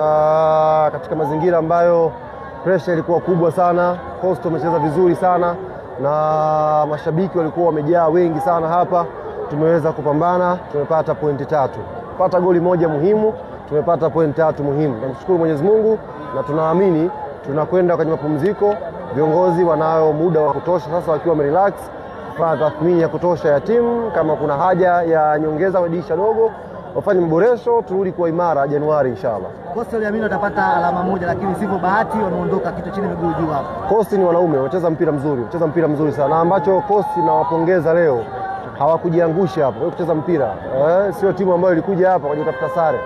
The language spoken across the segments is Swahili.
Ah, katika mazingira ambayo presha ilikuwa kubwa sana. Coastal wamecheza vizuri sana na mashabiki walikuwa wamejaa wengi sana hapa. Tumeweza kupambana, tumepata pointi tatu, pata goli moja muhimu, tumepata pointi tatu muhimu. Namshukuru Mwenyezi Mungu na tunaamini tunakwenda kwenye mapumziko, viongozi wanayo muda wa kutosha sasa, wakiwa wamerelax, kufanya tathmini ya kutosha ya timu, kama kuna haja ya nyongeza kwa dirisha dogo wafanye mboresho turudi kwa imara Januari inshallah. Coastal naamini watapata alama moja, lakini sivyo bahati wanaondoka kitu chini miguu juu. hapo. Coastal ni wanaume, wacheza mpira mzuri, wacheza mpira mzuri sana, na ambacho Coastal nawapongeza leo hawakujiangusha hapo kucheza mpira eh, sio timu ambayo ilikuja hapa kwa kutafuta sare,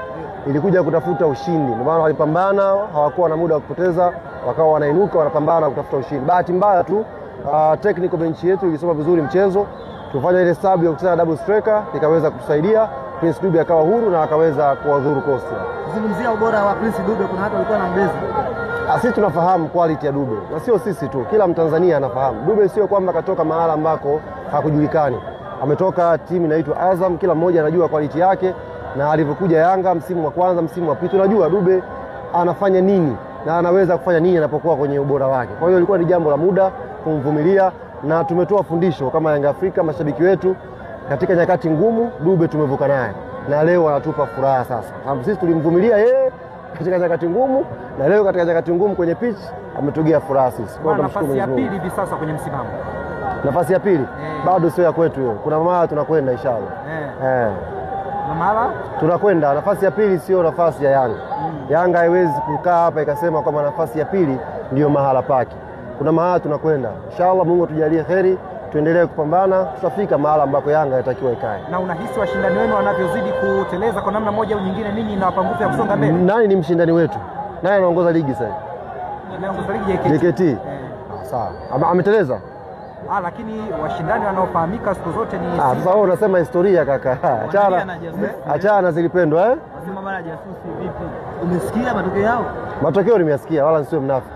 ilikuja kutafuta ushindi. Ndio maana walipambana, hawakuwa na muda wa kupoteza, wakawa wanainuka wanapambana kutafuta ushindi. Bahati mbaya tu uh, technical bench yetu ilisoma vizuri mchezo, tufanya ile sub ya kucheza double striker ikaweza kutusaidia Prince Dube akawa huru na akaweza kuwadhuru Costa. Zungumzia ubora wa Prince Dube, kuna watu walikuwa na mbezi. Ah, sisi tunafahamu quality ya Dube na sio sisi tu, kila Mtanzania anafahamu Dube. Sio kwamba katoka mahala ambako hakujulikani, ametoka timu inaitwa Azam, kila mmoja anajua quality yake, na alivyokuja Yanga msimu wa kwanza, msimu wa pili, tunajua Dube anafanya nini na anaweza kufanya nini anapokuwa kwenye ubora wake. Kwa hiyo ilikuwa ni jambo la muda kumvumilia, na tumetoa fundisho kama Yanga Afrika, mashabiki wetu katika nyakati ngumu Dube tumevuka naye na leo anatupa furaha sasa, sababu sisi tulimvumilia yeye katika nyakati ngumu, na leo katika nyakati ngumu kwenye pitch ametugia furaha sisi. Kwa nafasi ya pili hivi sasa kwenye msimamo, nafasi ya pili eh, bado sio ya kwetu hiyo, kuna mahala tunakwenda inshallah eh, eh, mahala tunakwenda. Nafasi ya pili sio nafasi ya Yanga mm. Yanga haiwezi kukaa hapa ikasema kwamba nafasi ya pili ndiyo mahala pake. Kuna mahala tunakwenda inshallah, Mungu atujalie kheri tuendelee kupambana, tutafika mahala ambako Yanga inatakiwa ikae. Na unahisi washindani wenu wanavyozidi kuteleza kwa namna moja au nyingine, ninyi inawapa nguvu ya kusonga mbele? Nani ni mshindani wetu? naye anaongoza ligi sasa ligi JKT. Eh. Ah, sawa, ameteleza Ah, lakini washindani wanaofahamika siku zote ni ah, sasa wewe unasema historia kaka. Ah, achana. Eh? Achana zilipendwa eh? Unasema bana jasusi vipi? Umesikia matokeo yao? Matokeo nimeyasikia, wala nisiwe mnafiki.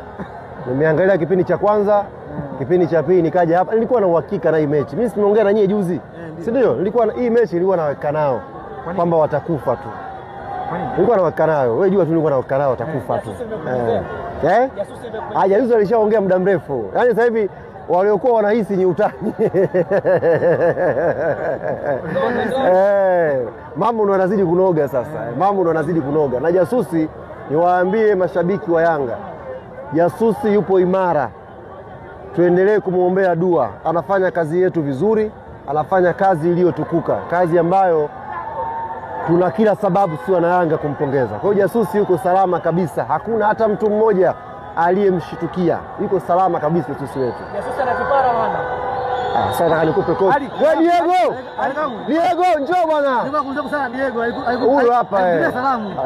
Nimeangalia kipindi cha kwanza kipindi cha pili nikaja hapa, nilikuwa na uhakika na hii mechi. Mimi simeongea na nyie juzi, eh, si ndio? Nilikuwa hii mechi nilikuwa na uhakika nao kwamba watakufa tu, nilikuwa na uhakika nao, Wewe jua tu nilikuwa na uhakika nao watakufa eh, tu. Eh, eh? juzi ah, alishaongea muda mrefu, yaani sasa hivi waliokuwa wanahisi ni utani mambo ndo yanazidi kunoga sasa, mambo ndo yanazidi kunoga. Na jasusi niwaambie mashabiki wa Yanga, jasusi yupo imara tuendelee kumwombea dua. Anafanya kazi yetu vizuri, anafanya kazi iliyotukuka, kazi ambayo tuna kila sababu si na Yanga kumpongeza. Kwa hiyo jasusi yuko salama kabisa, hakuna hata mtu mmoja aliyemshitukia, yuko salama kabisa jasusi wetu. Sasa nataka nikupe kofi. Wewe Diego. Diego njoo bwana. Nilikuwa sana Diego. Huyu hapa eh.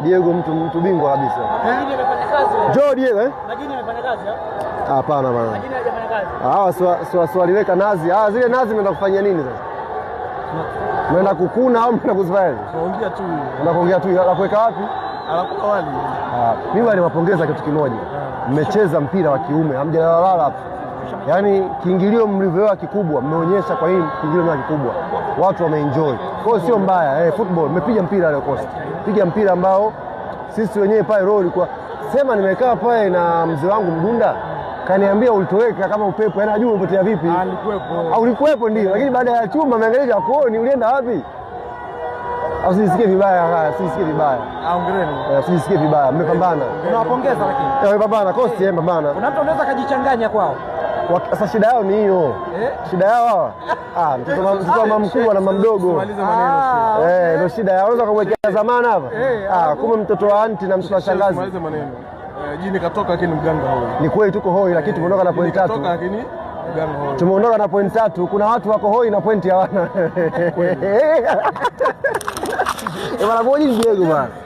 Diego mtu mtu bingwa kabisa. Njoo Diego eh. Majini amefanya kazi Ah, Hapana bwana. Majini hajafanya kazi. Ah, sio sio aliweka nazi. Ah zile nazi mnaenda kufanya nini sasa? Mnaenda kukuna au mnaenda kuzifanya? Naongea tu. Tunaongea tu. na kuweka wapi? Anakuwa wali. Ah, mimi wale wapongeza kitu kimoja. Mmecheza mpira wa kiume, Hamjalala hapa yani kiingilio mlivyoa kikubwa, mmeonyesha kwa hii kiingilio mlivyoa kikubwa, watu wameenjoy. Kwa hiyo sio mbaya eh, football mmepiga mpira leo Costa, piga mpira ambao sisi wenyewe pale roho ilikuwa sema, nimekaa pale na mzee wangu mgunda kaniambia ulitoweka kama upepo, yani ajua umepotea vipi. Au ah, ulikuwepo? Ndio, lakini baada ya chuma ameangalia akuoni ulienda wapi? Usijisikie vibaya, usijisikie vibaya, usijisikie eh, vibaya, mmepambana. Unawapongeza lakini. Mmepambana, eh, Costa eh, yeye mpambana. Kuna mtu anaweza kajichanganya kwao. Sasa shida yao ni hiyo eh? Shida yao ah, eh, mtoto wa eh, mama mkubwa na mama eh, mdogo ah, eh, ndio shida yao. Unaweza kumwekea zamana hapa ah, kumbe mtoto wa anti na mtoto wa shangazi. maneno Jini katoka lakini mganga hoi. Ni kweli tuko hoi lakini tumeondoka na point tatu. Tumeondoka na point tatu. Kuna watu wako hoi na point hawana. Bwana Bojini Diego bwana.